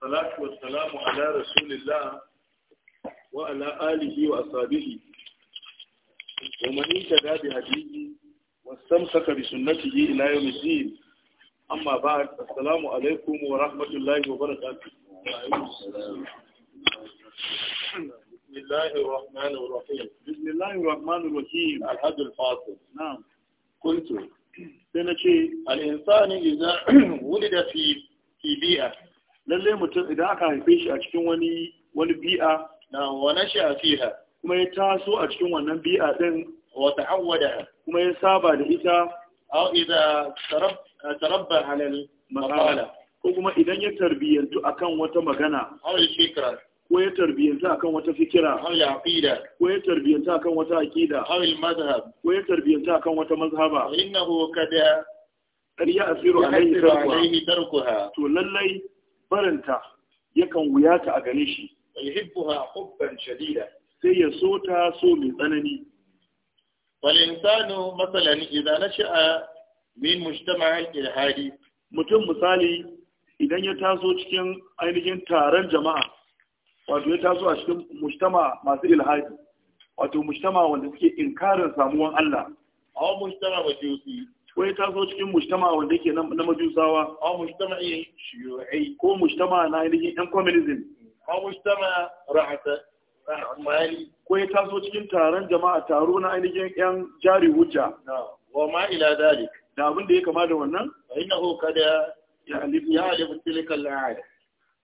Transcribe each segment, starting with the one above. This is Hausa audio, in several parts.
salatu wassalamu ala rasulillah wa ala alihi wa ashabihi wa man ittaba bi hadihi wastamsaka bi sunnatihi ila yawm al-din amma ba'd assalamu alaikum wa rahmatullahi wa barakatuh بسم الله الرحمن الرحيم بسم الله الرحمن الرحيم الحد الفاصل lalle mutum idan aka haife shi a cikin wani wani bi'a na wani shi a fiha kuma ya taso a cikin wannan bi'a din wa ta'awwada kuma ya saba da ita aw idza tarab tarabba ala al maqala ko kuma idan ya tarbiyantu akan wata magana aw fikra ko ya tarbiyantu akan wata fikira aw aqida ko ya tarbiyantu akan wata aqida aw al madhhab ko ya tarbiyantu akan wata mazhaba innahu kada qad asiru alayhi tarkuha to lallai barinta yakan wuya ta a gane shi yuhibbuha hubban shadida sai ya so ta so mai tsanani wal insanu masalan idza nasha'a min mujtama'il ilhadi mutum misali idan ya taso cikin ainihin taron jama'a wato ya taso a cikin mujtama masu ilhadi wato mujtama wanda suke inkarin samuwan Allah aw mujtama majusi ko ya taso cikin mujtama wanda yake na majusawa a mujtama shiyoyi ko mujtama na ainihin yan communism a mujtama ra'ata mali ko ya taso cikin taron jama'a taro na ainihin yan jari hujja wa ma ila dalik da abin da ya kama da wannan innahu kada ya alifu ya alifu tilikan la'ada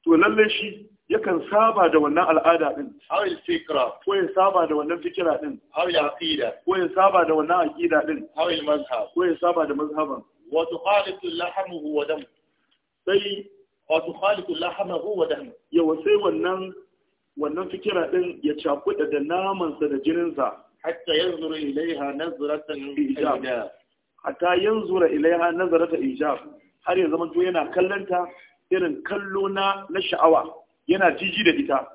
to lalle shi yakan saba da wannan al'ada din aw il fikra ko ya saba da wannan fikira din aw il aqida ko ya saba da wannan aqida din aw il mazhab ko ya saba da mazhaban wa tukhalitu lahmuhu wa dam sai wa tukhalitu lahmuhu wa dam yawa sai wannan wannan fikira din ya cakuɗa da namansa da jinin. jininsa hatta yanzura ilaiha nazratan ijab hatta yanzura ilaiha nazratan ijab har ya zama to yana kallanta irin kallo na na sha'awa yana jiji da ita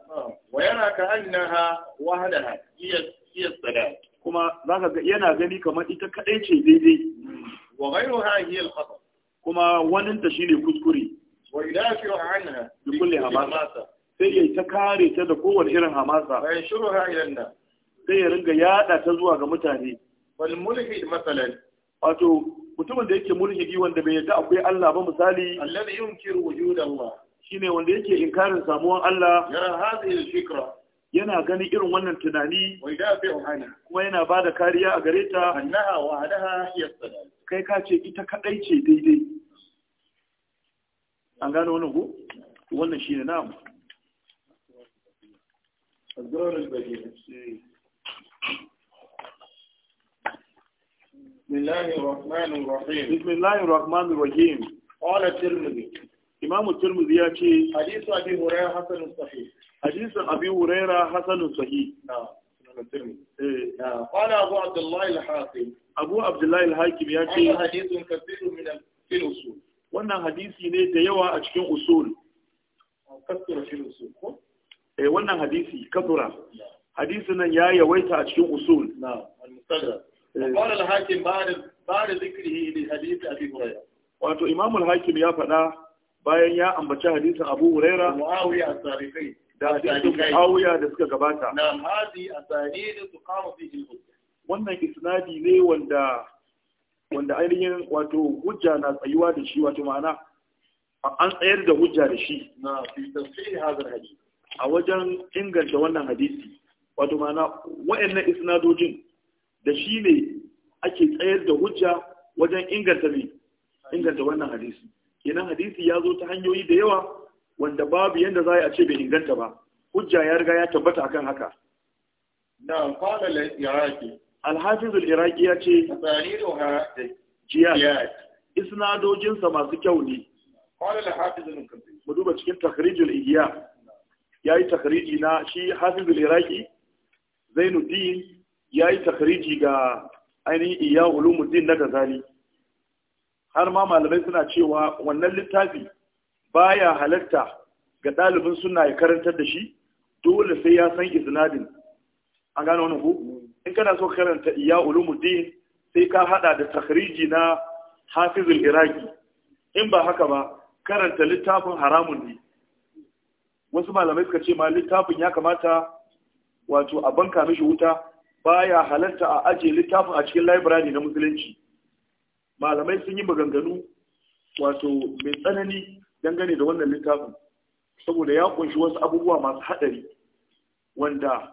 wa yana ka annaha wahdaha iya iya sada kuma zaka ga yana gani kamar ita kadai ce daidai wa ghayruha hiya al-khata kuma wannan ta shine kuskure wa yudafi'u anha bi kulli hamasa sai ya ta kare ta da kowane irin hamasa wa yashuruha ila yanda. sai ya ringa yada ta zuwa ga mutane wal mulhid masalan wato mutumin da yake mulhidi wanda bai yarda akwai Allah ba misali alladhi yunkiru wujud Allah shine wanda yake inkarin samuwan Allah yana ganin irin wannan tunani kuma yana ba da kariya a gare ta kai ka ce ita kaɗai ce daidai an gano wani ko wannan shi ne namu بسم الله الرحمن الرحيم بسم الله الرحمن الرحيم قال الترمذي Imam Tirmidhi ya ce hadisu Abi Hurairah hasanun sahih. Hadisin Abi Hurairah hasanun sahih. قال أبو عبد الله الحاكم أبو عبد الله الحاكم يا حديث كثير من في الأصول wannan hadisi ne da yawa a cikin usul ah, eh, wannan hadisi kasura hadisi ya yawaita a cikin usul na eh. al-hakim ba'da ba'da zikrihi li hadith wato Imamul hakim ya faɗa bayan ya ambaci hadisin Abu Huraira Muawiya as-Sarifi da Muawiya da suka gabata na hadi asanid tuqamu fihi al-hujja wannan isnadi ne wanda wanda ainihin wato hujja na tsayuwa da shi wato ma'ana an tsayar da hujja da shi na fi tafsir hadha hadith a wajen inganta wannan hadisi wato ma'ana wayannan isnadojin da shi ne ake tsayar da hujja wajen inganta ne inganta wannan hadisi kenan hadisi ya zo ta hanyoyi da yawa wanda babu yanda za a ce bai inganta ba hujja ya riga ya tabbata akan haka na fara al-iraqi al-hafiz ya ce tasariruha Jiya isnadojin sa masu kyau ne qala al-hafiz al-kathir mu duba cikin takhrij al-ihya yayi takhriji na shi hafiz al-iraqi zainuddin yayi takhriji ga ainihin iya ulumuddin na gazali har ma malamai suna cewa wannan littafi baya halatta ga ɗalibin suna ya karantar da shi dole sai ya san isnadin an gane wani ku in kana so karanta iya ulumuddin sai ka hada da takhriji na hafizul iraki in ba haka ba karanta littafin haramun ne wasu malamai suka ce ma littafin ya kamata wato a banka mishi wuta baya halatta a ajiye littafin a cikin library na musulunci malamai sun yi maganganu wato mai tsanani dangane da wannan littafin saboda ya kunshi wasu abubuwa masu haɗari wanda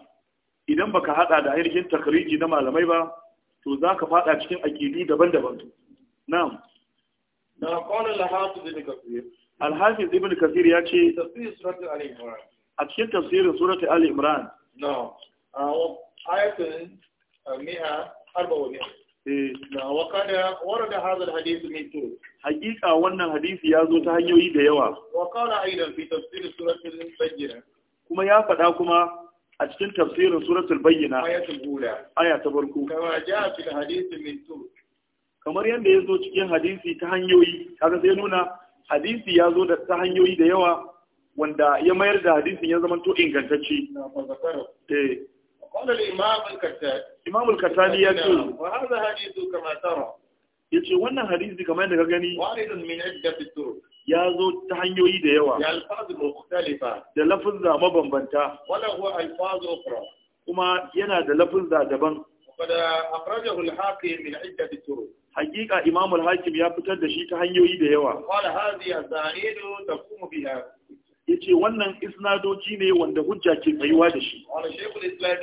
idan baka haɗa da ainihin takariji na malamai ba to za ka faɗa cikin aƙidu daban-daban na'am na qala al-hafiz ibn kathir al-hafiz ibn kathir ya ce a cikin tafsirin surat ali imran na'am uh, ayatun uh, mi'a arba وقد ورد هذا الحديث من طرق حقيقة وانا حديث يازو تهنيو يدي وقال أيضا في تفسير سورة البينة كما يافد أجتن تفسير سورة البينة آية الأولى آية تبركو كما جاء في الحديث من طرق kamar yadda ya zo cikin hadisi ta hanyoyi kaga sai nuna hadisi ya zo da ta hanyoyi da yawa wanda ya mayar da hadisin ya zama to ingantacce قال الإمام الكتاني إمام الكتاني يقول وهذا حديث كما ترى yace wannan hadisi kamar yadda ka gani waridun min iddati turuq ya zo ta hanyoyi da yawa ya alfaz mukhtalifa da lafuzza mabambanta wala huwa alfaz ukhra kuma yana da lafuzza daban kada akhrajahu al-hakim min iddati turuq haqiqa imam al-hakim ya fitar da shi ta hanyoyi da yawa qala hadhihi asanid yace wannan isnadoji ne wanda hujja ke tsayuwa da shi shekul islam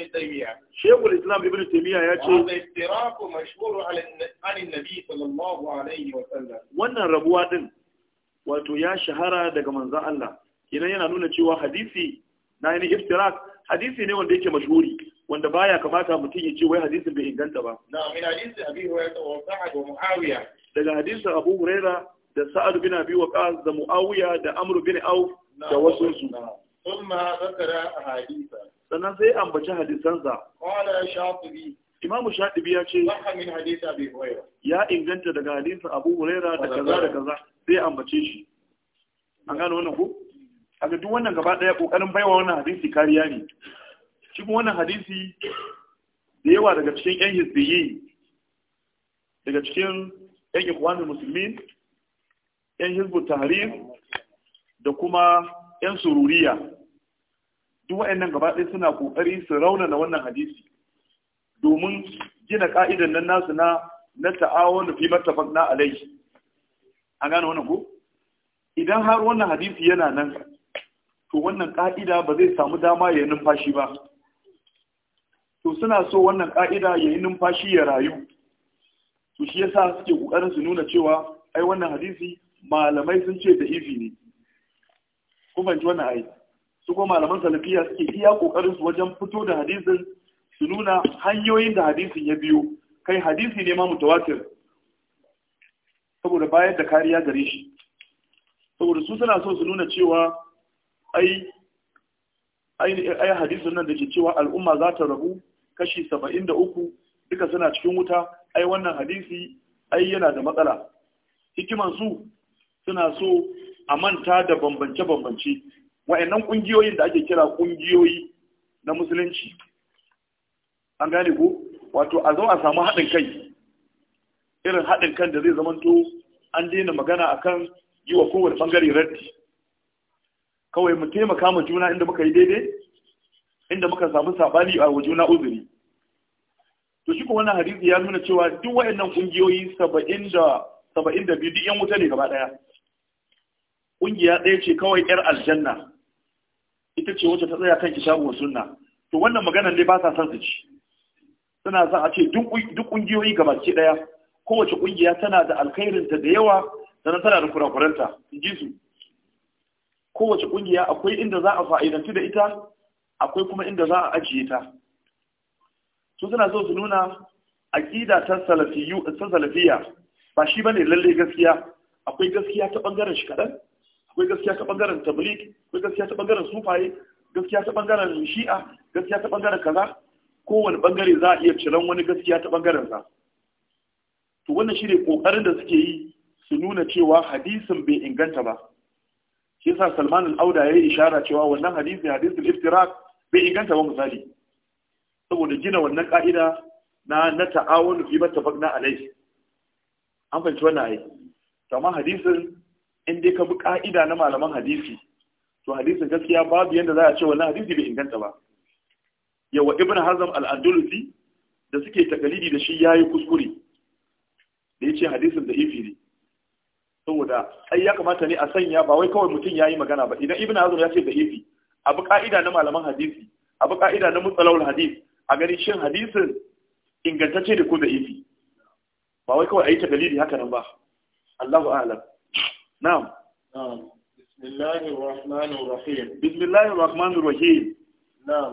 islam ibn taymiya ya ce wannan rabuwa din wato ya shahara daga manzan Allah Idan yana nuna cewa hadisi na yin iftirak hadisi ne wanda yake mashuri. wanda baya kamata mutum ya ce wai hadisin bai inganta ba na min hadisi abi hurairah wa sa'ad wa muawiya daga hadisin abu hurairah da sa'ad bin abi waqas da muawiya da amr bin auf da wasu su thumma zakara hadisa. sannan sai ambaci hadisansa qala shafi'i imamu shafi'i ya ce min ya inganta daga hadisa abu Huraira da kaza da kaza sai ambace shi an gano wannan ko a ga duk wannan gaba daya kokarin baiwa wannan hadisi kariya ne cikin wannan hadisi da yawa daga cikin yan hisbiyi daga cikin yan ikwanin musulmin yan hizbut tahrir da kuma 'yan sururiya duk waɗannan gaba ɗaya suna ƙoƙari su rauna na wannan hadisi domin gina ƙa'idan nan nasu na na ta'awun fi na alai an gane wannan ko idan har wannan hadisi yana nan to wannan ƙa'ida ba zai samu dama ya numfashi ba to suna so wannan ƙa'ida ya yi numfashi ya rayu to shi yasa suke ƙoƙarin su nuna cewa ai wannan hadisi malamai sun ce da ifi ne Ku fahimci wannan ayi. su kuma malaman salafiya suke iya kokarin su wajen fito da hadisin su nuna hanyoyin da hadisin ya biyo kai hadisi ne ma mutawatir saboda bayar da kariya gare shi saboda su suna so su nuna cewa ai ai hadisin nan da ke cewa al'umma za ta rabu kashi saba'in da uku duka suna cikin wuta ai wannan hadisi ai yana da matsala hikiman su suna so a manta da bambance-bambance wa'annan ƙungiyoyin da ake kira ƙungiyoyi na musulunci an gane ko wato a zo a samu haɗin kai irin haɗin kan da zai zamanto an daina magana kan yi wa kowane ɓangare raddi kawai mu taimaka ma juna inda muka yi daidai inda muka samu saɓani a wa juna uzuri to shi wannan hadisi ya nuna cewa duk wa'annan kungiyoyi saba'in da biyu duk yan wuta ne gaba ɗaya. kungiya ɗaya ce kawai yar aljanna ita ce wacce ta tsaya kan ishabu sunna to wannan maganar ne ba sa son su ci suna sa a ce duk kungiyoyi gabaki ɗaya kowace kungiya tana da alkhairinta da yawa sannan tana da kurakuranta in ji su kowace kungiya akwai inda za a fa'idanci da ita akwai kuma inda za a ajiye ta su suna so su nuna aƙida ta salafiyu ta salafiya ba shi bane lalle gaskiya akwai gaskiya ta bangaren shi kaɗan akwai gaskiya ta bangaren tablik, akwai gaskiya ta bangaren sufaye gaskiya ta bangaren shi'a gaskiya ta bangaren kaza kowane bangare za a iya ciran wani gaskiya ta bangaren sa to wannan shi ne kokarin da suke yi su nuna cewa hadisin bai inganta ba shi yasa Salman al-Auda ya yi ishara cewa wannan hadisi hadisin iftirak bai inganta ba misali saboda gina wannan ka'ida na na ta'awun fi mattafaqna alayhi an fahimci wannan ai amma hadisin in dai ka bi ka'ida na malaman hadisi to hadisin gaskiya babu yanda za a ce wannan hadisi bai inganta ba yawa ibn hazm al-andalusi da suke takalidi da shi yayi kuskure da yace hadisin da ifi ne saboda ai ya kamata ne a sanya ba wai kawai mutum yayi magana ba idan ibn hazm ya ce da ifi bi ka'ida na malaman hadisi bi ka'ida na mutsalawul hadis a gani shin hadisin ingantacce da ko da ifi ba wai kawai ayi takalidi haka nan ba Allahu a'lam na'am bismillahir rahmanir rahim bismillahir rahmanir rahim Allah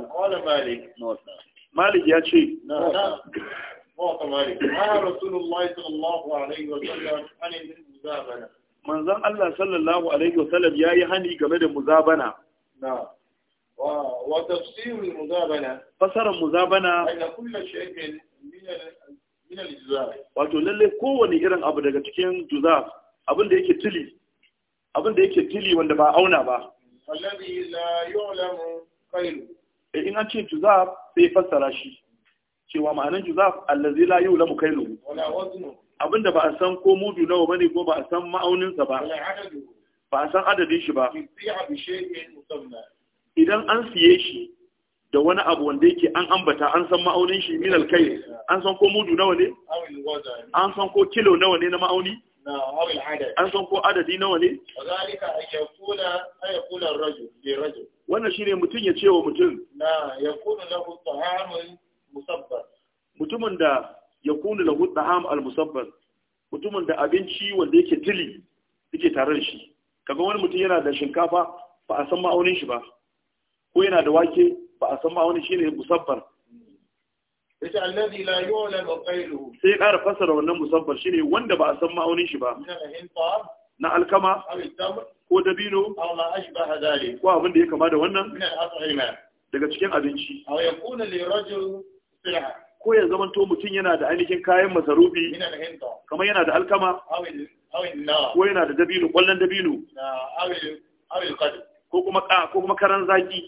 sallallahu alaihi wa sallam yayi hani game da muzabana na'am wa tafsirul muzabana fasarar muzabana anna kullu shay'in min al min juzaf wato lalle kowane irin abu daga cikin juzaf abinda yake tili abin da yake tili wanda ba auna ba wallazi la yu'lamu khairu e, in an ce juzab sai fassara shi cewa ma'anar juzab allazi la yu'lamu khairu wala waznu abinda ba a san ko mudu nawa bane ko ba a san ma'auninsa ba ba a san adadin shi ba idan an siye shi da wani abu wanda yake an ambata an san ma'aunin shi minal kai an san ko mudu nawa ne an san ko kilo nawa ne na ma'auni an san ko adadi nawa ne wannan shi ne mutum ya ce wa mutum mutumin da ya na lahu ta'am al-musabbar mutumin da abinci wanda yake tili yake tare da shi kaga wani mutum yana da shinkafa ba a san ma'aunin shi ba ko yana da wake ba a san ma'aunin shi ne musabbar yace allazi la yu'lamu qailuhu sai ƙara fasara wannan musabbar shine wanda ba a san ma'aunin shi ba na alkama ko dabino ko abin da ya kama da wannan daga cikin abinci ko ya zama to mutum yana da ainihin kayan masarufi kamar yana da alkama ko yana da dabino kwallon dabino ko kuma ko kuma karan zaki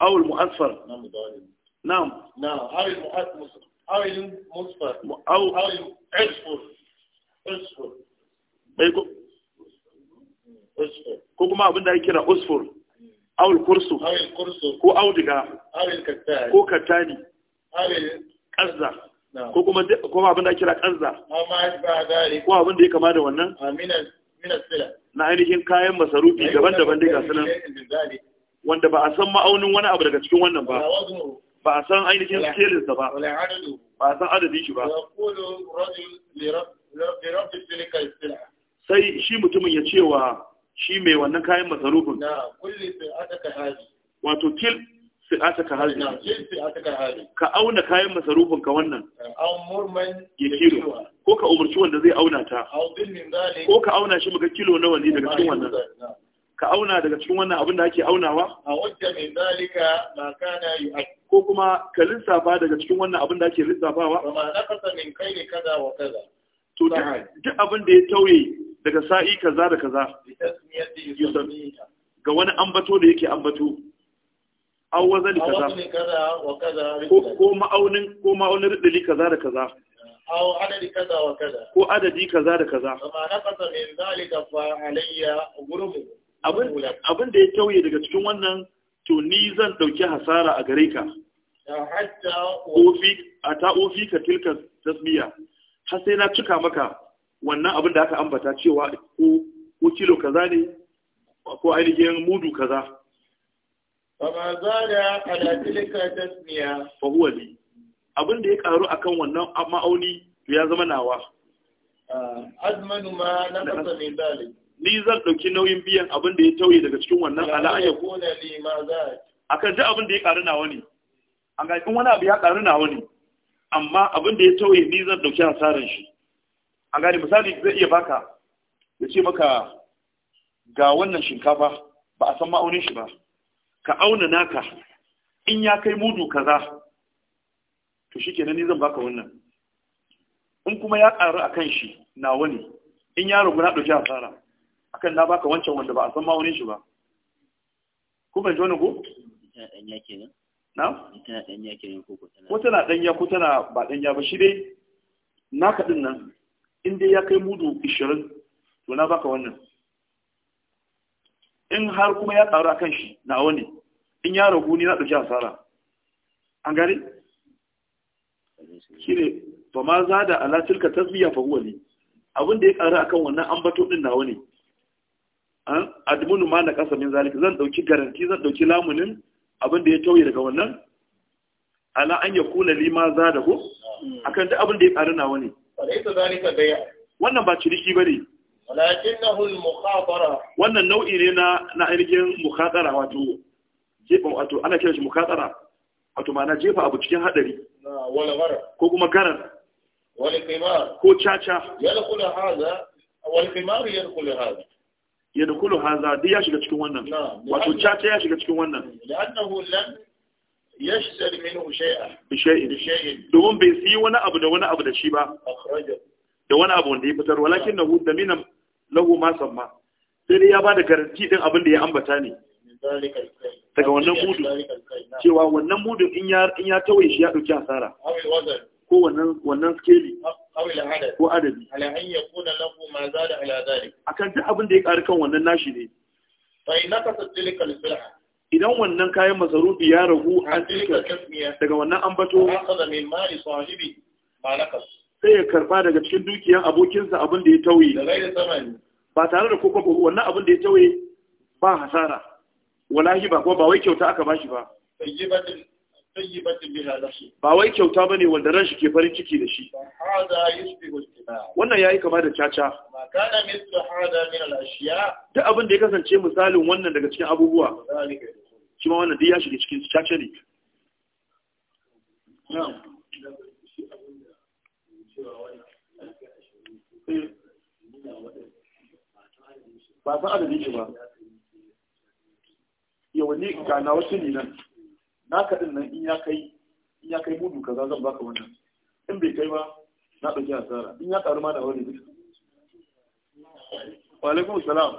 awul mu'asfar نعم نعم هاي المحاكم هاي المصفر أو هاي عصفر عصفر ko kuma abin da ake kira usfur awul kursu ko audiga da kattani ƙazza ko kuma abin da ake kira ƙazza da ya da wannan ah, na ainihin kayan masarufi daban-daban dai ga sunan wanda ba a san ma'aunin wani abu daga cikin wannan ba ba a san ainihin skelinsa ba ba a san adadin shi ba sai shi mutumin ya cewa shi mai wannan kayan masarufin wato kil fi'ata ka hali ka auna kayan masarufin ka wannan ya kilo ko ka umarci wanda zai auna ta ko ka auna shi muka kilo nawa ne daga cikin wannan ka auna daga cikin wannan abin da ake aunawa a wajja mai zalika ba kana yu'ad ko kuma ka lissafa daga cikin wannan abin da ake lissafawa ba ma kasa min ne kaza wa kaza to duk abin da ya tauye daga sa'i kaza da kaza ga wani ambato da yake ambato aw wazali kaza ko ma'aunin ko ma'aunin ridili kaza da kaza Ko adadi kaza da kaza. عددي كذا وكذا فما نقص من ذلك فعلي غرمه abin da ya tauye daga cikin wannan to ni zan ɗauki hasara a gare ka a ta ofi ka tilka tasmiya har sai na cika maka wannan abin da aka ambata cewa ko kilo kaza ne ko ainihin mudu kaza Fama zada ala tilka tasmiya fa huwa abin da ya karu kan wannan ma'auni to ya zama nawa ah, azmanu ma kasa mai dalik ni zan ɗauki nauyin biyan abin da ya tauye daga cikin wannan ala A kona ji abin da ya ƙaru nawa ne an ga wani abu ya ƙaru nawa ne amma abin da ya tauye ni zan ɗauki hasaran shi an gane misali zai iya baka ya ce maka ga wannan shinkafa ba a san ma'aunin shi ba ka auna naka in ya kai mudu kaza to shi kenan ni zan baka wannan in kuma ya ƙaru a kan shi nawa ne in ya ragu na ɗauki hasara akan na baka wancan wanda ba a san mawunin shi ba ku fahimci wannan ko ɗanya kenan na tana ɗanya ko tana ko tana ɗanya ko tana ba ɗanya ba shi dai Na din nan in dai ya kai mudu 20 to na baka wannan in har kuma ya tsaro kan shi na wani in ya ragu ni na ɗauki asara an gari? shi ne ba ma za da alatilka tasbiya fa huwa ne abin da ya a akan wannan ambato din na ne admunu ma na kasa min zalik zan dauki garanti zan dauki lamunin abin da ya tauye daga wannan ala an ya kula lima za da ko akan duk abin da ya ƙaru nawa ne wannan ba ciniki bane wannan nau'i ne na na ainihin mukhatara wato jefa wato ana kira shi mukhatara wato ma'ana jefa abu cikin hadari ko kuma garar ko caca yadkhulu hadha wal qimar kula haza. ya da kulu haza duk ya shiga cikin wannan wato caca ya shiga cikin wannan domin bai siyi wani abu da wani abu da shi ba da wani abu wanda ya fitar walakin na hudu da mina lahu ma samma sai dai ya ba da garanti din abin da ya ambata ne daga wannan mudu cewa wannan mudu in ya tawaye shi ya ɗauki asara ko wannan skeli ko adadi akan ta abin da ya ƙari kan wannan nashi ne idan wannan kayan masarufi ya ragu an cika daga wannan ambato sai ya karba daga cikin dukiyan abokinsa abin da ya tauye ba tare da kuma wannan abin da ya tauye ba hasara walahi ba kuma ba wai kyauta aka bashi ba ba wai kyauta bane wanda ran shi ke farin ciki da shi wannan yayi kama da caca duk abin da ya kasance misalin wannan daga cikin abubuwa shi ma wannan duk ya shiga cikin caca ne ba san adadin shi ba yawanni ga na wasu ne nan naka din nan in ya kai in ya kai mudu kaza zan baka wannan in bai kai ba na ɗauki asara in ya karu ma da wani zai wa alaikum salam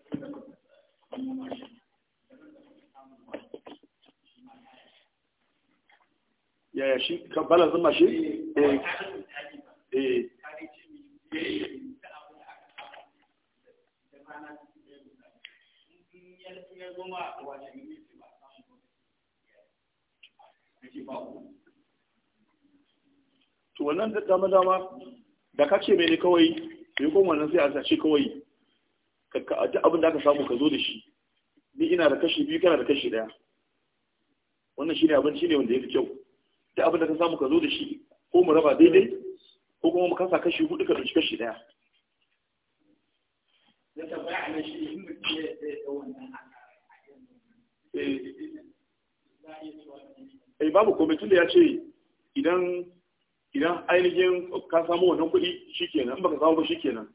Thank you. yaya shi kabbala zuma shi eh, eh. to wannan da dama dama da ka ce mene kawai sai kuma wannan sai a sace kawai ka duk abin da aka samu ka zo da shi ni ina da kashi biyu kana da kashi daya wannan shine abin ne wanda ya fi kyau da abin da ka samu ka zo da shi ko mu raba daidai ko kuma mu kasa kashi hudu ka dauki kashi daya eh babu komai tunda ya ce idan idan ainihin ka samu wannan kuɗi shikenan in baka samu ba shikenan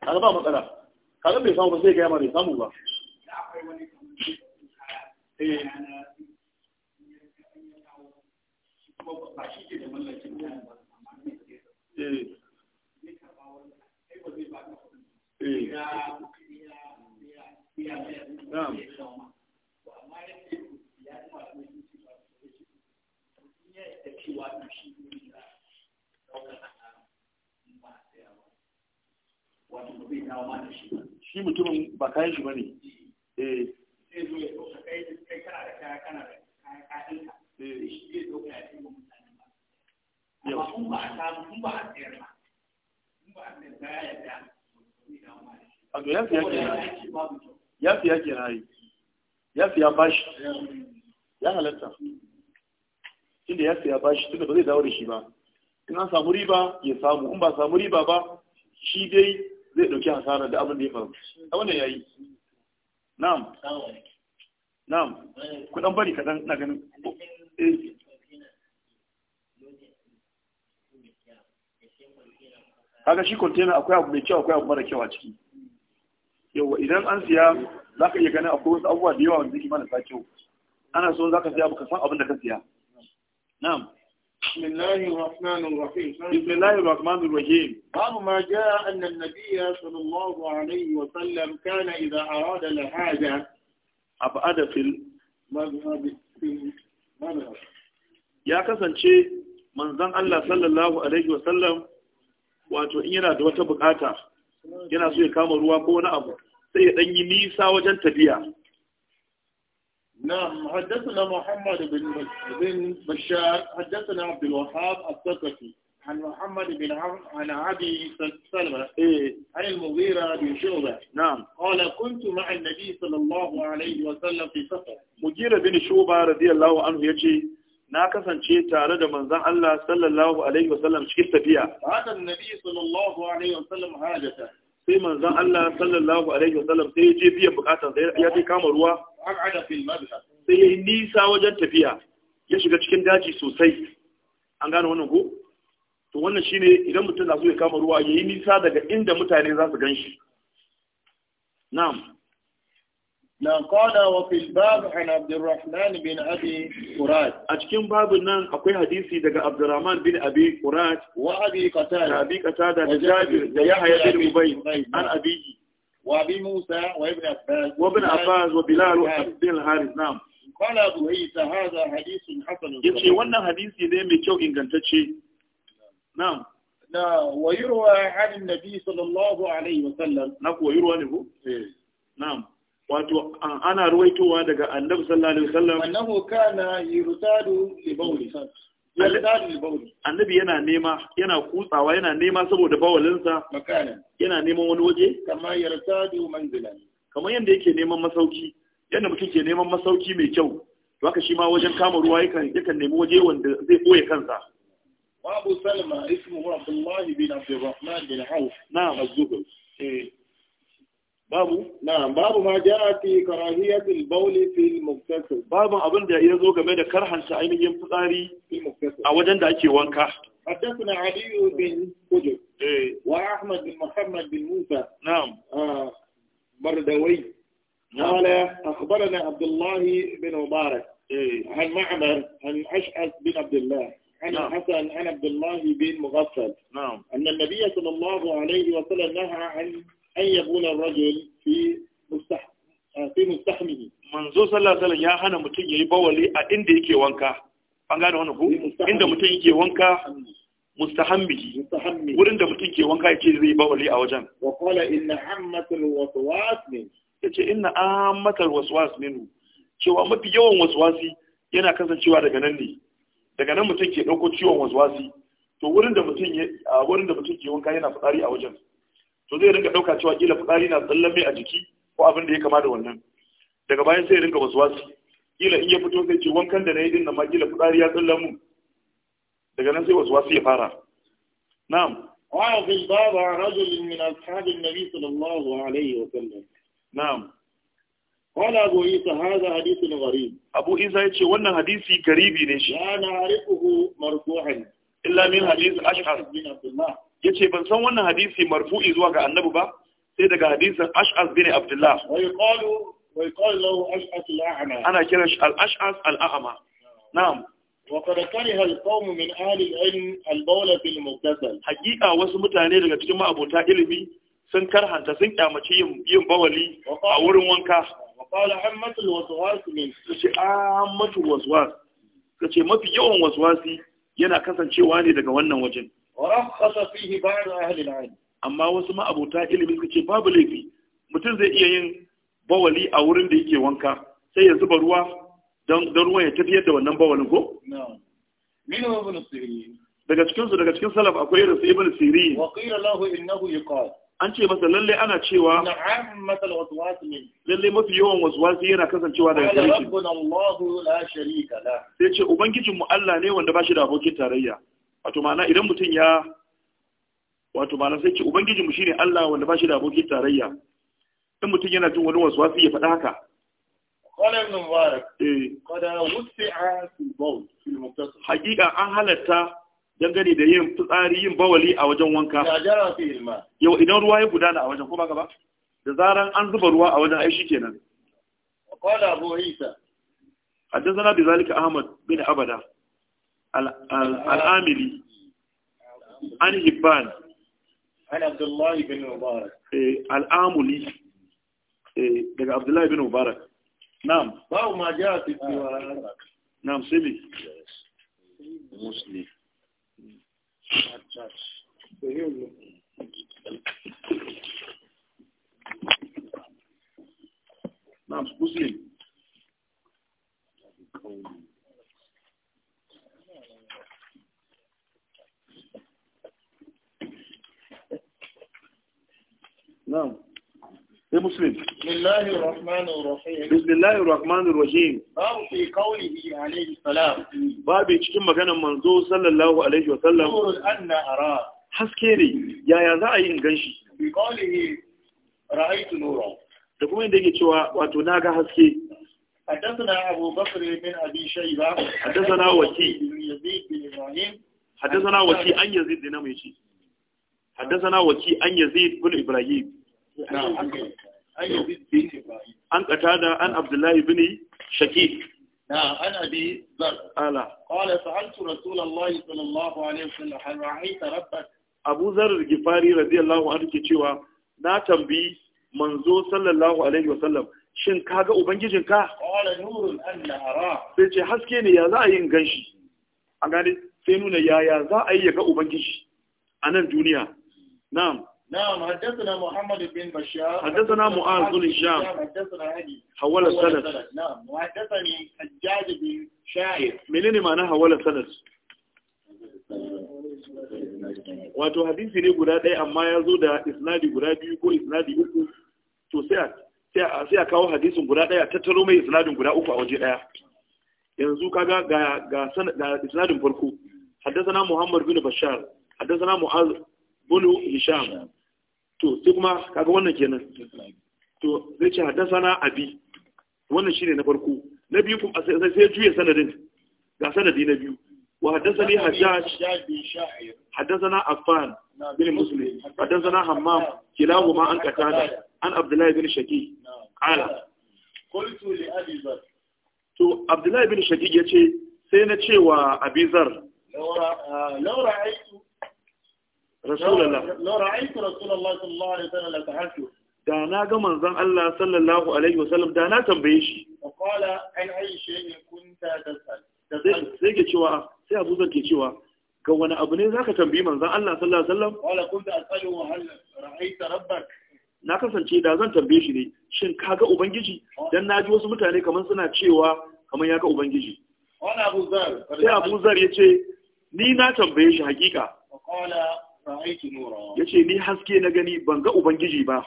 kaga ba matsala kaga bai samu ba sai ga yamma bai samu ba eh ba shi ke ba mutumin ba kayan shi ba ne eh sai zo ya kai kana da kayan da shi ya ce mutane ba ya yarda a ga ya bashi ya halatta inda yafi ya bashi tunda ba zai dawo da shi ba in an samu riba ya samu in ba samu riba ba shi dai zai ɗauki hasara da abin da ya faru a wannan yayi na'am na'am kudan bari kaɗan na ganin haka shi container akwai abu mai kyau akwai abu mara kyau a ciki yawa idan an siya za ka iya ganin akwai wasu abubuwa da yawa wanda ke mana sa kyau ana so za ka siya ka san abin da ka siya na'am بسم الله الرحمن الرحيم بسم الله الرحمن الرحيم باب ما جاء أن النبي صلى الله عليه وسلم كان إذا أراد لحاجة أبعد في ya kasance manzan Allah sallallahu alaihi wasallam wato in yana da wata bukata yana so ya kama ruwa ko wani abu sai ya dan yi nisa wajen tafiya نعم حدثنا محمد بن بن بشار حدثنا عبد الوهاب الثقفي عن محمد بن عمرو عن أبي سلمة إيه؟ عن المغيرة بن شعبة نعم قال كنت مع النبي صلى الله عليه وسلم في سفر مغيرة بن شعبة رضي الله عنه يجي na kasance tare da manzon Allah sallallahu alaihi sallam cikin tafiya hada nabi sallallahu alaihi wasallam hajata sai manzon Allah sallallahu alaihi wasallam sai ya je biyan bukatar sai ya je kama ruwa aqada fil mabha sai ya nisa wajen tafiya ya shiga cikin daji sosai an gane wannan ko to wannan shine idan mutum za su ya kama ruwa yi nisa daga inda mutane za su ganshi na'am na qala wa fil bab an abdurrahman bin abi qurat a cikin babin nan akwai hadisi daga abdurrahman bin abi qurat wa abi qatada abi qatada da jabir da yahya bin ubay an abi وابي موسى وابن عباس وابن عباس وبلال وابن الحارث نعم قال ابو عيسى هذا حديث حسن يجي wannan hadisi ne mai kyau ingantacce na'am da wayurwa hadin nabi sallallahu alaihi wasallam na ku wayurwa ne ku eh. na'am wato ana ruwaitowa daga annabi sallallahu alaihi wasallam annahu kana yurtadu li bawli annabi yana nema yana kutsawa yana nema saboda bawalinsa yana neman wani waje kama yartadu manzilan kamar yadda yake neman masauki yadda mutum ke neman masauki mai kyau to haka shi ma wajen kama ruwa yakan nemi waje wanda zai boye kansa وابو سلمى babu na babu ma ja fi karahiyatul bawli fil muktasal babu abin da yazo game da karhansa ainihin fitsari fil a wajen da ake wanka haddathana ali bin kudu eh wa ahmad bin muhammad bin musa na'am bardawi qala akhbarana abdullah bin mubarak eh an ma'mar an ash'ad bin abdullah عن الحسن عن عبد الله بن مغفل نعم أن النبي صلى الله عليه وسلم نهى عن أن يبول الرجل في مستحق fi mustahmihi manzo sallallahu alaihi ya hana mutum yayi bawali a inda yake wanka an gane wannan ko inda mutum yake wanka mustahammihi wurin da mutum ke wanka yake zai bawali a wajen wa qala inna ammatul waswas min yace inna ammatul waswas minhu cewa mafi yawan waswasi yana kasancewa daga nan ne daga nan mutum ke ɗauko ciwon waswasi to wurin da mutum ya a wurin da mutum ke wanka yana fitsari a wajen to zai rinka ɗauka cewa kila fitsari na tsallan mai a jiki ko abin da ya kama da wannan daga bayan sai ya rinka waswasi kila in ya fito sai ce wankan da na yi din ma kila fitsari ya tsallan mu daga nan sai waswasi ya fara na'am wa fi baba rajulin min ashabin nabi sallallahu alaihi wa sallam na'am قال أبو عيسى هذا حديث غريب أبو عيسى يقول وانا حديثي قريبي ليش لا نعرفه مرفوعا min من حديث Ya ce ban san wannan hadisi marfu'i zuwa ga Annabu ba sai daga hadisin ash'as bin abdullah wa yuqalu wa yuqalu lahu ash'as la'ana. ana kiran shi al-ash'as al na'am wa qad kariha al-qawm min ahli al-ilm al-bawl fil mubtasal Hakika, wasu mutane daga cikin ma'abota ilimi sun karhanta sun kyamaci yin bawali a wurin wanka qala ammatul waswas min kace ammatul waswas ce mafi yawan waswasi yana kasancewa ne daga wannan wajen amma wasu ma'abota ilimi ka ce babu laifi mutum zai iya yin bawali a wurin da yake wanka sai ya zuba ruwa don ruwan ya tafiyar da wannan bawalin ko? daga cikinsu daga cikin salaf akwai irin su ibn sirri. wa qila lahu innahu yuqal an ce masa lalle ana cewa lalle mafi yawan waswasi yana kasancewa daga gare shi sai ce ubangijin mu Allah ne wanda ba shi da abokin tarayya wato ma'ana idan mutum ya wato ma'ana sai ce ubangijin mu shine Allah wanda ba shi da abokin tarayya in mutum yana jin wani wasu ya faɗa haka eh. Hakika an halatta dangane da yin fitsari yin bawali a wajen wanka yau idan ruwa ya gudana a wajen kuma gaba da zaran an zuba ruwa a wajen aishi kenan qala abu isa حدثنا بذلك احمد بن ابدا العاملي عن هبان عن Abdullahi bin Mubarak. Eh, Al-Amuli eh, daga Abdullahi bin Mubarak. Na'am. Bawo ma ja fi ah. Na'am, Sibi. Muslim. No. sai muslim bismillahir rahmanir rahim bismillahir babu fi salam babu cikin maganar manzo sallallahu alaihi wa sallam nurul anna ara haske ne yaya za a yi in ganshi bi nura. da kuma inda yake cewa wato na ga haske حدثنا أبو بكر بن أبي شيبة حدثنا وكي حدثنا وكي أن يزيد ديناميشي حدثنا وكي أن يزيد بن an da an abdullahi bin shaki. نعم أنا أبي ذر قال سألت رسول الله صلى الله عليه وسلم هل رأيت ربك أبو ذر الجفاري رضي الله عنه ناتم بي منزو صلى الله عليه shin kaga ubangijinka qala nurun an sai ce haske ne ya za a yi ganshi an gane sai nuna yaya za a yi ya ga ubangiji a nan duniya na'am نعم حدثنا محمد بن بشار حدثنا معاذ بن هشام حدثنا هدي حول السند نعم وحدثني حجاج بن شاعر منين معنى حول السند wato hadisi ne guda ɗaya amma ya zo da isnadi guda biyu ko isnadi uku to sai a kawo hadisin guda ɗaya tattaro mai isnadin guda uku a waje ɗaya yanzu kaga ga ga isnadin farko haddasa na muhammad bin bashar haddasa na mu'az bunu hisham to sai kuma kaga wannan kenan to zai ce haddasana abi wannan shine na farko na biyu kuma sai sai juye sanadin ga sanadi na biyu wa haddasani hajjaj haddasana affan bin muslim haddasana hammam ma an qatada an abdullahi bin shaki qala qultu li abi zar to abdullahi bin shaki yace sai na cewa abizar laura laura aitu رسول الله لو rasulullah رسول الله صلى الله عليه da na ga manzon Allah sallallahu alaihi الله da na tambaye shi وقال qala شيء كنت sai ke cewa sai Abu zai ke cewa ga wani abu ne ka tambayi manzon Allah sallallahu alaihi wasallam wala na kasance da zan tambaye shi ne shin ka ga ubangiji dan ji wasu mutane kamar suna cewa kamar ya ga ubangiji wala Abu Zar sai Abu Zar yace ni na tambaye shi hakika ya ce ni haske na gani ban ga ubangiji ba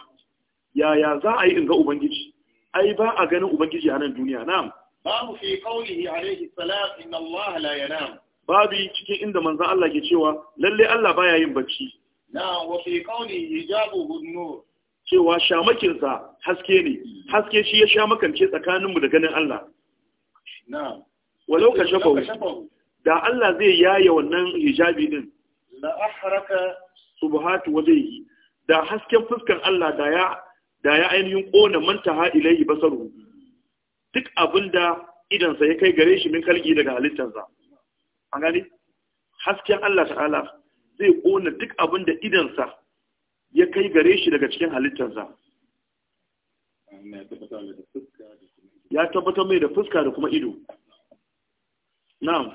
yaya za a yi in ga ubangiji ai ba a ganin ubangiji a nan duniya Ba babu fi qawlihi alayhi salam inna Allah la yanam babu cikin inda manzo Allah ke cewa lalle Allah baya yin bacci na wa fi qawlihi hijabuhu nur cewa shamakin sa haske ne haske shi ya shamakance tsakanin mu da ganin Allah na walau ka shafa da Allah zai yaya wannan hijabi din la ahraka subhatu wajhihi da hasken fuskar Allah da ya da ya ainihin kona mantaha ilayhi basaru duk abinda idansa ya kai gare shi min kalgi daga halittar sa an gani hasken Allah ta'ala zai kona duk abinda idan sa ya kai gare shi daga cikin halittar sa ya tabbatar mai da fuska da kuma ido na'am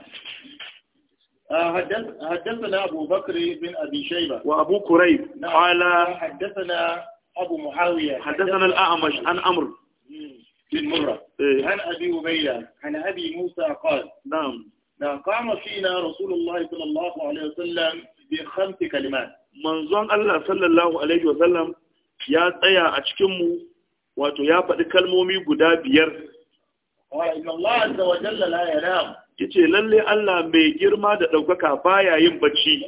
حدثنا أبو بكر بن أبي شيبة وأبو كريب قال حدثنا أبو معاوية حدثنا الأعمش عن أمر بن مرة عن أبي أبيلة عن أبي موسى قال نعم قام فينا رسول الله صلى الله عليه وسلم بخمس كلمات منظون الله صلى الله عليه وسلم يا تيا أشكمه wato ya faɗi kalmomi guda biyar. Wa inna Allah azza wa jalla la yanam yace lalle Allah mai girma da daukaka baya yin bacci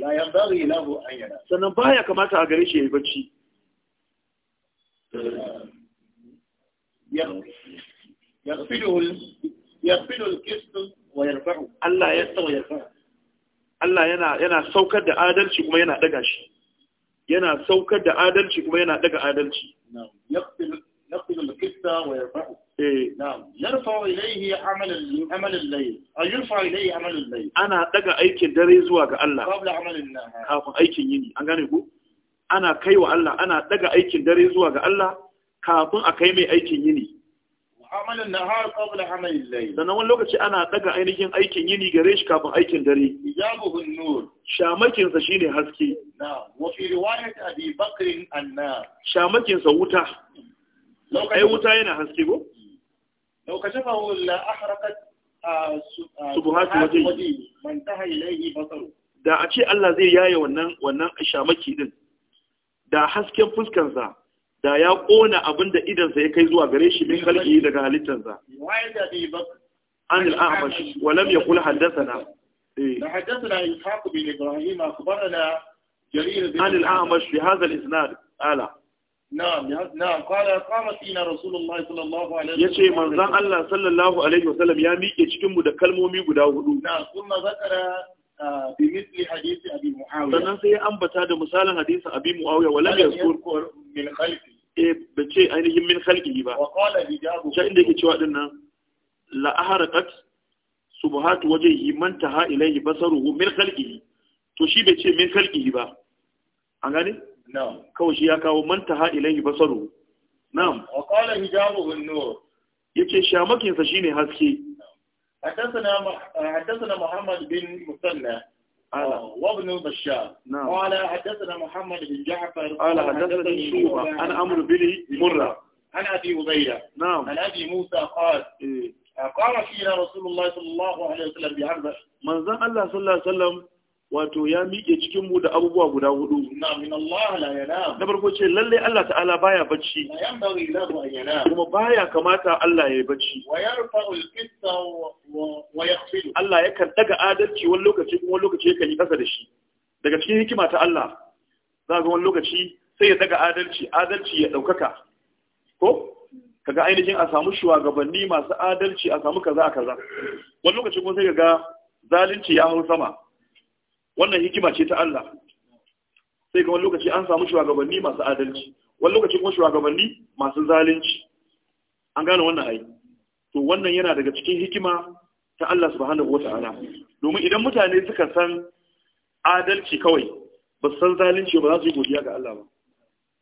sannan baya kamata a gare shi yayi bacci Allah ya Allah yana yana saukar da adalci kuma yana daga shi yana saukar da adalci kuma yana daga adalci yaqbilu al-qista wa yarfa'u Eh, ana daga aikin dare zuwa ga Allah kafin aikin yini an gane ku ana kai wa Allah ana daga aikin dare zuwa ga Allah kafin a kai mai aikin yini amalin nahar qabla amalin layl sannan wani lokaci ana daga ainihin aikin yini gare shi kafin aikin dare ijabuhu nur shamakin sa shine haske na wa fi riwayat abi bakr an-nar shamakin sa wuta ai wuta yana haske ko لو كشفه لأحرقت سبحات وجهه وانتهى إليه بصره da a ce Allah zai yaye wannan wannan shamaki din da hasken fuskansa da ya kona abin da idansa ya kai zuwa gare shi min halki daga halittarsa an al-ahmash wa lam yaqul haddathana haddathana ishaq bin ibrahim akhbarana jarir bin an al-ahmash fi hadha al-isnad ala ya ce manzan Allah sallallahu Alaihi wasallam ya miƙe cikinmu da kalmomi guda hudu. Ah, Sannan sai ya ambata da misalin hadisin abi mu'awiya wa lam yazkur eh bace ainihin min khalqihi ba. Sai inda yake cewa din nan la aharqat subhatu wajhihi man taha ilayhi basaruhu min khalqihi. To shi bace min khalqihi ba. An gane? نعم kawai shi ya إليه بصره نعم وقال هجابه النور qala شامك ينسشيني هاسكي نعم. حدثنا حدثنا محمد بن مثنى آه، وابن بشار نعم قال حدثنا محمد بن جعفر قال حدثني شوبة عن امر بن مرة عن أبي هريرة نعم عن أبي موسى قال إيه. قال فينا رسول الله صلى الله عليه وسلم بعرضه من ذا الله صلى الله عليه وسلم wato ya miƙe cikin mu da abubuwa guda hudu na farko ce lalle Allah ta'ala baya bacci kuma baya kamata Allah ya yi bacci Allah ya kan daga adalci wani lokaci kuma lokaci ya kan yi kasa da shi daga cikin hikima ta Allah za ga wani lokaci sai ya daga adalci adalci ya ɗaukaka ko kaga ainihin a samu shugabanni masu adalci a samu kaza a kaza wani lokaci kuma sai ga zalunci ya hau sama wannan hikima ce ta Allah sai kuma lokaci an samu shugabanni masu adalci wani lokaci kuma shugabanni masu zalunci an gane wannan ai to wannan yana daga cikin hikima ta Allah subhanahu wata'ala domin idan mutane suka san adalci kawai ba san zalunci ba za su yi godiya ga Allah ba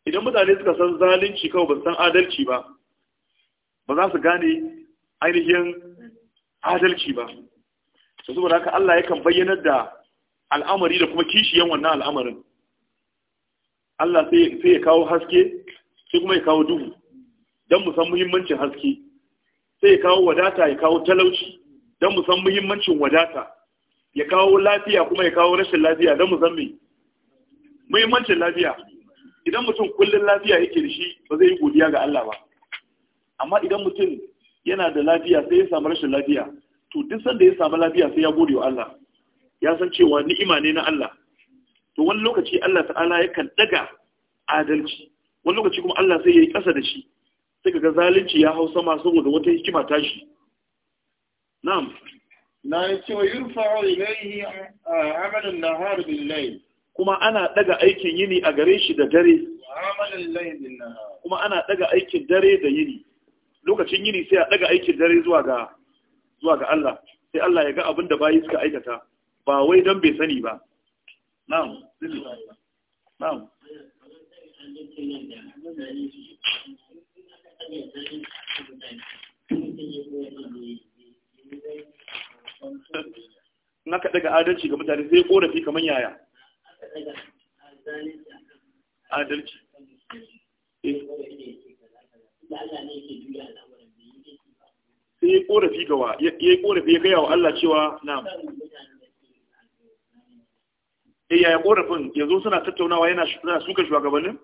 idan mutane suka san zalunci kawai ba san adalci ba ba za su gane ainihin adalci ba saboda haka Allah yakan bayyana da al'amari da kuma kishiyan wannan al'amarin Allah sai ya kawo haske sai kuma ya kawo duhu don mu san muhimmancin haske sai ya kawo wadata ya kawo talauci don mu san muhimmancin wadata ya kawo lafiya kuma ya kawo rashin lafiya don mu san me muhimmancin lafiya idan mutum kullum lafiya yake da shi ba zai yi godiya ga Allah ba amma idan mutum yana da lafiya sai ya samu rashin lafiya to duk sanda ya samu lafiya sai ya gode wa Allah ya san cewa ni'ima ne na Allah to wani lokaci Allah ta'ala yakan daga adalci wani lokaci kuma Allah sai yayi ƙasa da shi sai kaga zalunci ya hau sama saboda wata hikima ta shi na'am na yace wa yurfa'u ilayhi an ah, nahar bil layl kuma ana daga aikin yini a gare shi da dare amalan layl bin nahar kuma ana daga aikin dare da yini lokacin yini sai a daga aikin dare zuwa ga zuwa ga Allah sai Allah ya ga abin da bayi suka aikata ba wai don bai sani ba na ka daga adalci ga mutane sai korafi kamar yaya adalci eh. sai korafi gawa ya korafi ya gaya wa Allah cewa na eh yaya korafin yanzu suna tattaunawa yana suna suka shugabannin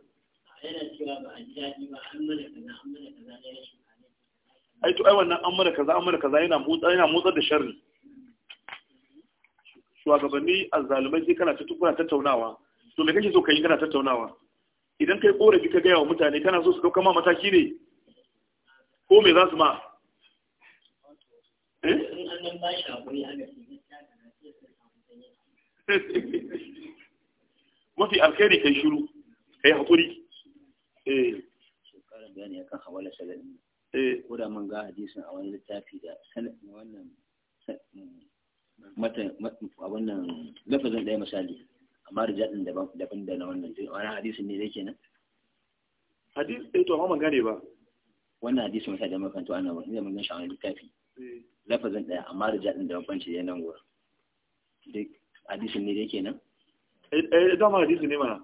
ai to ai wannan an mara kaza an mara kaza yana motsa motsar da sharri shugabanni azzalumai sai kana tattaunawa tattaunawa to me kake so kai kana tattaunawa idan kai korafi ka gaya wa mutane kana so su dauka ma mataki ne ko me za su ma eh mafi alkhairi kai shiru kai haƙuri eh. eh ko da mun ga hadisin a wani littafi da sanadin wannan mata a wannan lafazin ɗaya misali amma da jaɗin daban da na wannan wani hadisin ne zai kenan hadis eh to amma gane ba wannan hadisin misali da makanto ana wani da mun ga shi a wani littafi eh. lafazin ɗaya amma da jaɗin da ce ne nan gurin duk hadisin ne yake nan? Eh, eh dama hadisi ne mana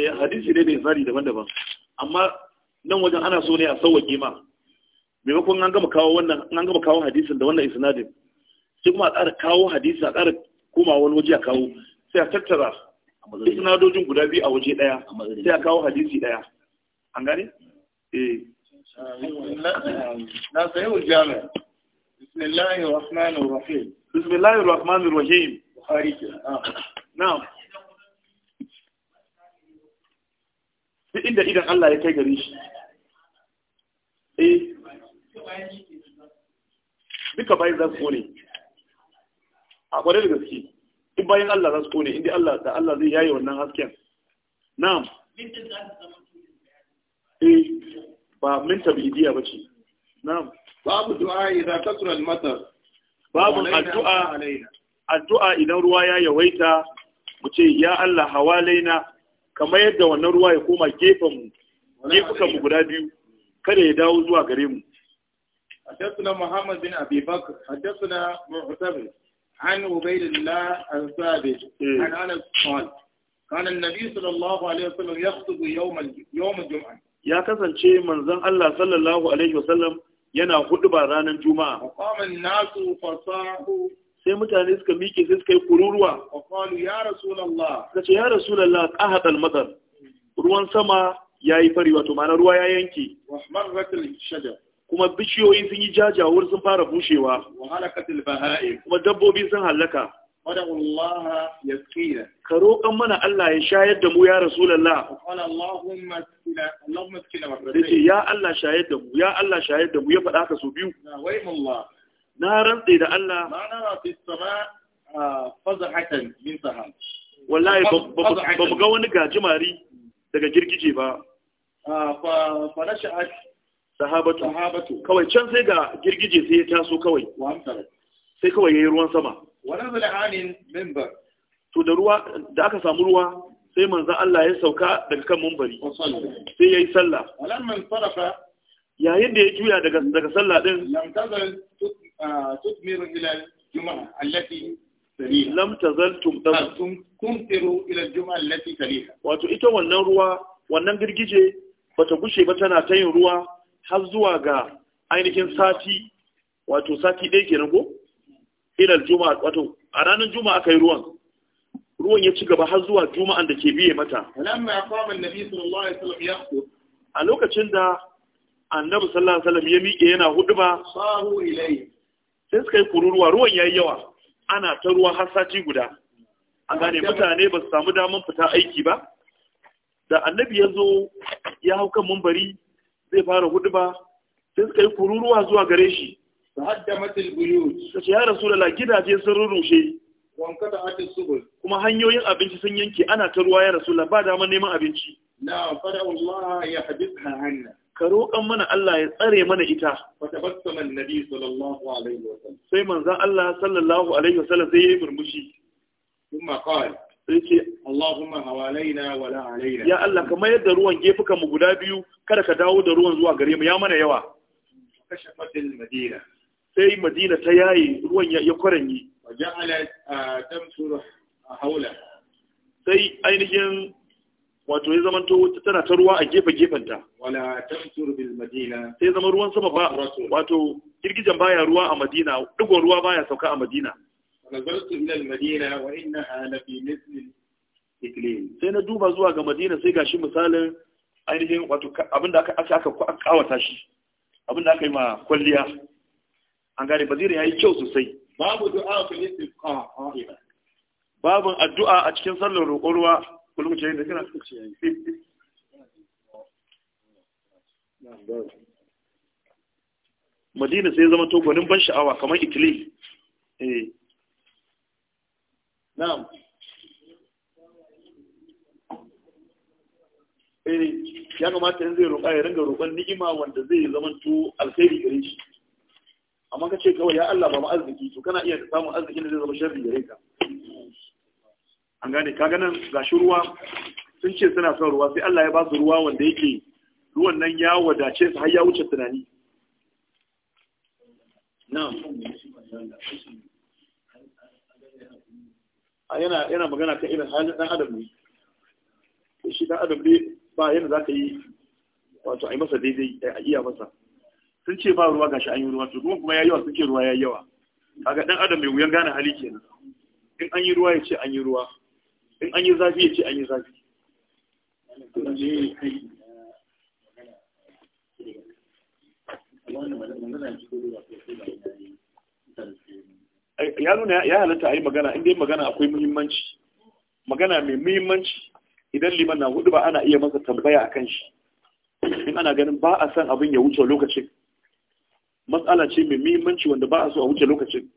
eh hadisi ne bai zari daban-daban amma nan wajen ana so ne a sauwake ma maimakon an gama kawo wannan an gama kawo hadisin da wannan isnadin sai kuma a tsara kawo hadisi a tsara koma wani waje a kawo sai a tattara isnadojin guda biyu a waje daya sai a kawo hadisi daya an gane eh na sayi jami'a bismillahir rahmanir rahim bismillahir rahmanir rahim bukhari ke na'am duk inda idan Allah ya kai gare shi eh duka bayan za su kone a kwanar da gaske Duk bayan Allah za su kone inda Allah da Allah zai yaye wannan hasken na'am eh ba minta bidiya ba ce na'am babu du'a idan kasura al-matar babu addu'a addu'a idan ruwa ya yawaita mu ce ya Allah hawa laina kamar yadda wannan ruwa ya koma gefen mu kuka mu guda biyu kada ya dawo zuwa gare mu حدثنا محمد بن أبي بكر حدثنا معتمد عن عبيد الله الثابت عن قال كان النبي صلى الله عليه وسلم يخطب يوم يوم يا كسانشي الله صلى الله عليه وسلم yana hudu ba ranar juma'a. Wakaman nasu fasahu sai mutane suka miƙe sai suka yi kururuwa wa qalu ya rasulullah kace ya rasulullah qahat al-matar ruwan sama ya yi fari wato mana ruwa ya yanke wa marratil shajar kuma bishiyoyi sun yi jajawar sun fara bushewa wa halakatil baha'im kuma dabbobi sun halaka Allah yasqina ka roƙan mana Allah ya shayar da mu ya rasulullah qala Allahumma askina Allahumma askina ya Allah shayar da mu ya Allah shayar da mu ya faɗa ka so biyu wa na rantse da Allah ma fi sama fazahatan min wallahi ba ba ga wani gajimari daga girgije ba kawai can sai ga girgije sai ya taso kawai sai kawai yayi ruwan sama da aka samu ruwa sai manzo Allah ya sauka daga kan mumbari sai yayi sallah sarafa yayin da ya juya daga daga sallah din تثمر إلى الجمعة التي تليها لم تزل تمطر إلى الجمعة التي تليها wato ita wannan ruwa wannan girgije bata gushe ba tana ta yin ruwa har zuwa ga ainihin sati wato sati ɗaya kenan ko ilal juma'a wato a ranar juma'a aka yi ruwan ruwan ya ci gaba har zuwa juma'an da ke biye mata a lokacin da annabi sallallahu alaihi wasallam ya miƙe yana hudu ba sai suka yi kururuwa ruwan ya yi yawa ana ta ruwa hasashi guda a gane mutane ba su samu damar fita aiki ba da annabi ya zo ya hau kan mumbari zai fara hudu ba sai suka yi kururuwa zuwa gare shi ya rasu da gidaje sun kuma hanyoyin abinci sun yanke ana ta ruwa ya rasu ba damar neman abinci na fara Allah ya hadisa hannu ka roƙon mana Allah ya tsare mana ita sai manza Allah sallallahu alaihi wasallam sai ya yi murmushi sai ce Allahumma hawalaina wa alaina ya Allah ka mayar da ruwan gefukan mu guda biyu kada ka dawo da ruwan zuwa gare mu ya mana yawa kashafatil madina sai madina ta yaye ruwan ya kwaranyi waja'ala ah, tamsuru haula sai ainihin wato ya zama to wata tana ta ruwa a gefe gefenta wala bil madina sai zama ruwan sama ba wato girgijen baya ruwa a madina dugon ruwa baya sauka a madina nazartu ila al madina wa innaha la fi mithli iklim sai na duba zuwa ga madina sai gashi misalin ainihin abinda aka aka aka kawata shi abinda yi ma kwalliya an gane madina yayi kyau sosai babu addu'a a cikin sallar roƙon kullum ce da kana Madina sai zama to gwanin ban sha'awa kamar Italy eh na'am eh ya kamata yanzu ya roƙa ya ringa roƙon ni'ima wanda zai zama to alkhairi gare shi amma ka ce kawai ya Allah ba mu arziki to kana iya samun arziki da zai zama sharri gare ka an gane kaga nan gashi ruwa sun ce suna son ruwa sai Allah ya ba su ruwa wanda yake ruwan nan ya wadace su har ya wuce tunani yana yana magana kan irin halin dan adam ne shi dan adam ne ba yana zaka yi wato ai masa daidai a iya masa sun ce ba ruwa gashi an yi ruwa to kuma kuma yayi yawa sun ce ruwa yayi yawa kaga dan adam mai wuyan gane hali kenan in an yi ruwa ya ce an yi ruwa in an yi zafi ya ce an yi zafi ya nuna ya halatta a yi magana inda yi magana akwai muhimmanci magana mai muhimmanci idan liman na hudu ba ana iya masa tambaya a kan shi in ana ganin ba a san abin ya wuce lokacin matsala ce mai muhimmanci wanda ba a so a wuce lokacin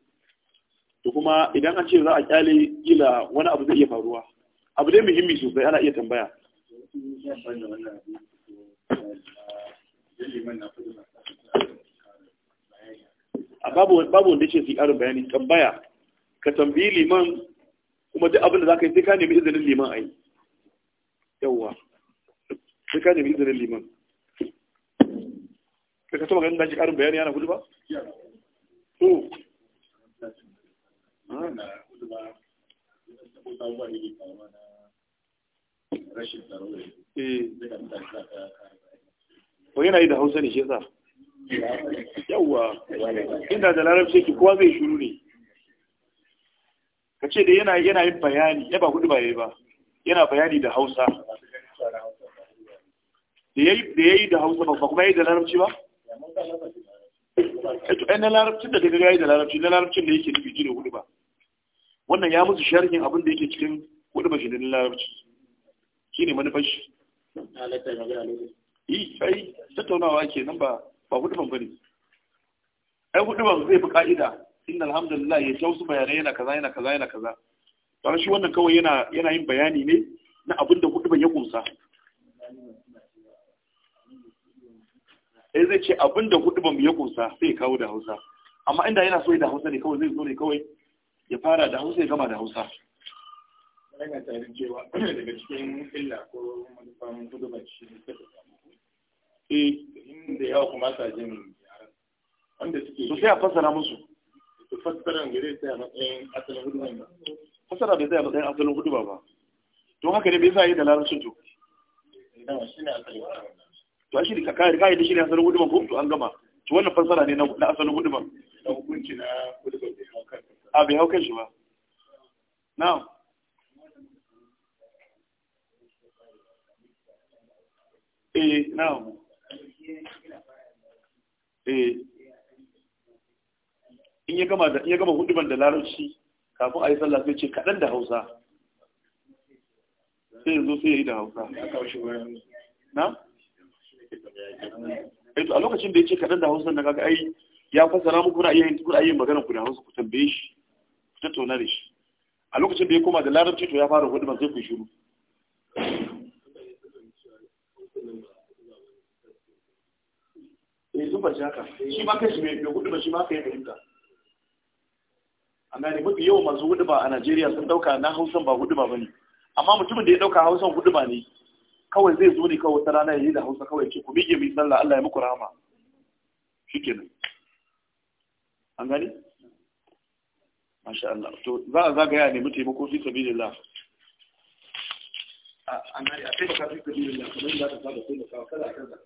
da kuma idan an ce za a kyale gila wani abu zai iya faruwa abu dai muhimmi sosai ana iya tambaya babu wanda ce su ƙarin bayani tambaya ka tambayi liman kuma duk abin da za ka yi sai ka nemi izinin liman a yi yawwa sai ka nemi izinin liman ka ka taba da shi ƙarin bayani yana gudu ba? ba na rashin yana yi da hausa ne shi yasa yawwa inda da larabci ki kowa zai shuru ne ka ce da yana yana yin bayani ya ba hudu ba yayi ba yana bayani da hausa da yayi da hausa ba kuma yayi da larabci ba ɗan larabcin da daga yayi da larabci na larabcin da yake nufi ji hudu ba wannan ya musu sharhin abin da yake cikin wani bashidin larabci shi ne manufar shi yi sai tattaunawa ke nan ba ba huduban bane ai huduban zai fi ka'ida inna alhamdulillah ya tausu bayanai yana kaza yana kaza yana kaza to shi wannan kawai yana yana yin bayani ne na abin da huduban ya kunsa eh zai ce abin da huduban ya kunsa sai ya kawo da Hausa amma inda yana so da Hausa ne kawai zai zo ne kawai ya fara da hausa ya gama da hausa yana tare cewa daga cikin illa ko manufan gudubar shi suka samu eh inda yawa kuma sa jin wanda suke so sai a fassara musu fassara gare sai a matsayin asalin gudubar ba fassara bai sai a matsayin asalin gudubar ba don haka ne bai sa yi da larabcin to to a shiri kakari kayi da shirya asalin gudubar ko to an gama to wannan fassara ne na asalin gudubar na hukunci na gudubar da ya hau kan a ah, bai haukan shi ba na'am eh na'am eh in ya gama da ya gama huduban da larabci kafin a yi sallah sai ce kaɗan da hausa sai yanzu sai ya yi da hausa na? Eh, to a lokacin da ya ce kaɗan da hausa na kaka ai ya fasara muku kuna iya yin magana ku da hausa ku tambaye shi tattauna da shi a lokacin da ya koma da larabci to ya fara hudumar zai ku shiru ne eh, sun bace haka shi ma kai kashi mai ba, shi ma kai yi fahimta amma ne mafi yawan masu huduma a najeriya sun dauka na hausan ba huduma ba ne amma mutumin da ya dauka hausan huduma ne kawai zai zo ne kawai ta rana ya yi da hausa kawai ce ku miƙe mai sallah allah ya muku rama. shi kenan an gani masha Allah to za a zagaya ne mu taimako fi la a an a taimaka fi la kamar yadda ta saba taimaka kada a kaza